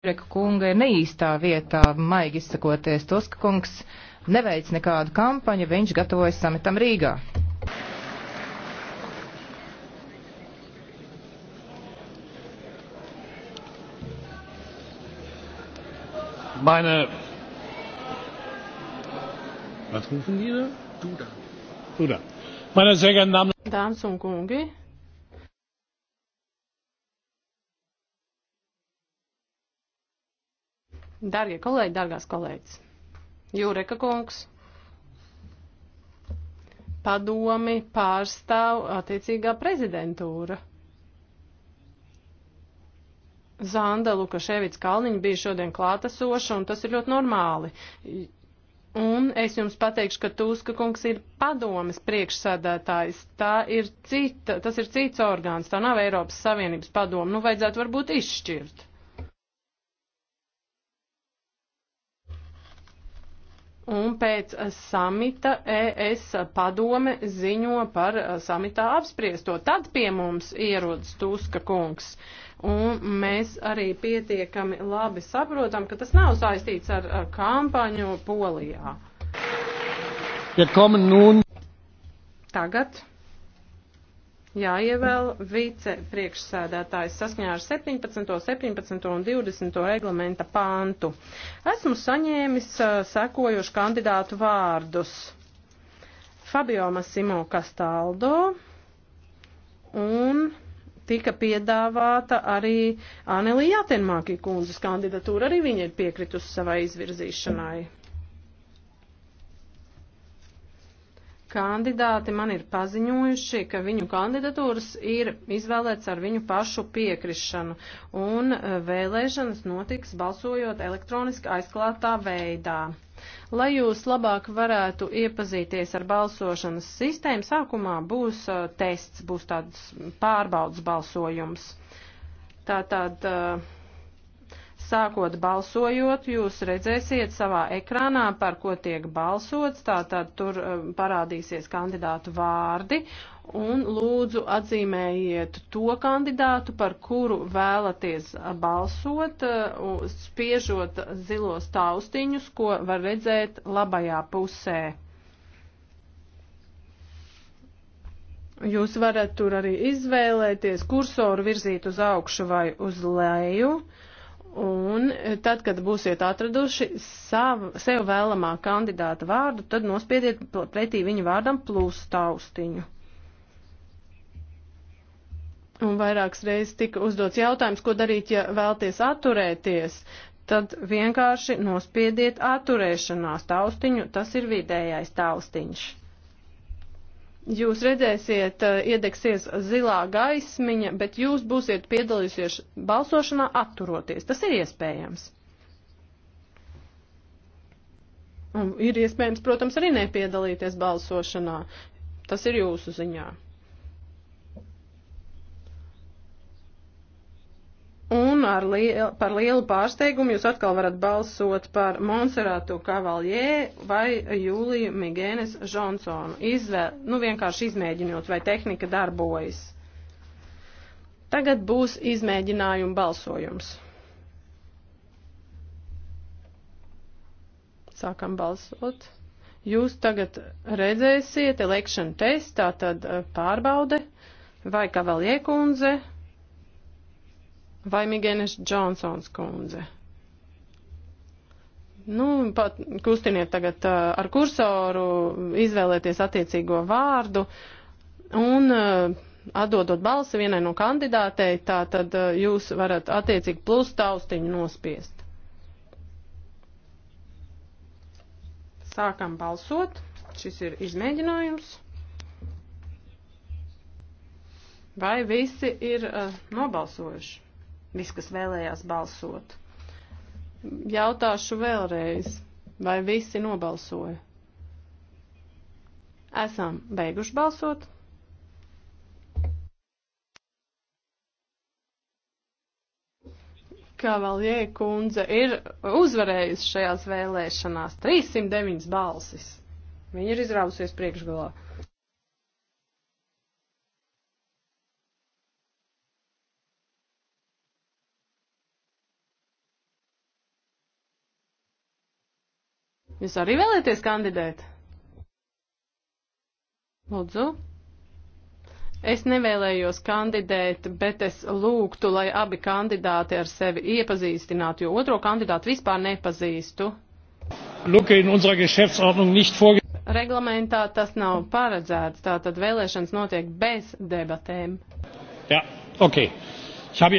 Jureka kunga ir neīstā vietā, maigi izsakoties, Tuska kungs neveic nekādu kampaņu, viņš gatavojas samitam Rīgā. Meine Was rufen die da? Du da. Du da. Meine sehr geehrten Damen und Herren. Dargie kolēģi, dargās kolēģis. Jūreka kungs. Padomi pārstāv attiecīgā prezidentūra. Zanda Lukaševits Kalniņa bija šodien klātesoša, un tas ir ļoti normāli. Un es jums pateikšu, ka Tūska kungs ir padomes priekšsēdētājs. Tā ir cita, tas ir cits orgāns, tā nav Eiropas Savienības padoma. Nu, vajadzētu varbūt izšķirt. Un pēc samita ES padome ziņo par uh, samitā apspriesto. Tad pie mums ierodas Tuska kungs. Un mēs arī pietiekami labi saprotam, ka tas nav saistīts ar kampaņu Polijā. Ja nun... Tagad jāievēl vice priekšsēdētājs saskaņā ar 17, 17 un 20 reglamenta pāntu. Esmu saņēmis uh, sekojuši kandidātu vārdus. Fabio Massimo Castaldo un tika piedāvāta arī Anelija Jatenmāki kundzes kandidatūra, arī viņa ir piekritus savai izvirzīšanai. Kandidāti man ir paziņojuši, ka viņu kandidatūras ir izvēlēts ar viņu pašu piekrišanu, un e, vēlēšanas notiks balsojot elektroniski aizklātā veidā. Lai jūs labāk varētu iepazīties ar balsošanas sistēmu, sākumā būs uh, tests, būs tāds pārbaudas balsojums. Tātad. Uh, Sākot balsojot, jūs redzēsiet savā ekrānā, par ko tiek balsots, tātad tur um, parādīsies kandidātu vārdi un lūdzu atzīmējiet to kandidātu, par kuru vēlaties balsot, uh, spiežot zilos taustiņus, ko var redzēt labajā pusē. Jūs varat tur arī izvēlēties kursoru virzīt uz augšu vai uz leju. Un tad, kad būsiet atraduši savu, sev vēlamā kandidāta vārdu, tad nospiediet pretī viņa vārdam plus taustiņu. Un vairākas reizes tika uzdots jautājums, ko darīt, ja vēlties atturēties. Tad vienkārši nospiediet atturēšanās taustiņu, tas ir vidējais taustiņš. Jūs redzēsiet, eh, iedegsies zilā gaismiņa, bet jūs būsiet piedalījusies balsošanā atturoties. Tas ir iespējams. Un ir iespējams, protams, arī nepiedalīties balsošanā. Tas ir jūsu ziņā. Un liel, par lielu pārsteigumu jūs atkal varat balsot par Monseratu Kavaljē vai Jūliju Migēnes Džonsonu. Izvēl, nu vienkārši izmēģinot, vai tehnika darbojas. Tagad būs izmēģinājuma balsojums. Sākam balsot. Jūs tagad redzēsiet election test, tātad eh, pārbaude, vai Kavaljē kundze vai Migēnes Džonsons kundze. Nu, pat kustiniet tagad eh, ar kursoru, izvēlēties attiecīgo vārdu un eh, atdodot balsi vienai no kandidātei, tā tad eh, jūs varat attiecīgi plus taustiņu nospiest. Sākam balsot. Šis ir izmēģinājums. Vai visi ir uh, nobalsojuši? visi, kas vēlējās balsot. Jautāšu vēlreiz, vai visi nobalsoja? Esam beiguši balsot. Kavaljē kundze ir uzvarējusi šajās vēlēšanās 309 balsis. Viņa ir izrāvusies priekšgalā. Jūs arī vēlēties kandidēt? Lūdzu. Es nevēlējos kandidēt, bet es lūgtu, lai abi kandidāti ar sevi iepazīstinātu, jo otro kandidātu vispār nepazīstu. Luke in unserer Geschäftsordnung nicht vorge Reglamentā tas nav paredzēts, tātad vēlēšanas notiek bez debatēm. Jā, ja, ok.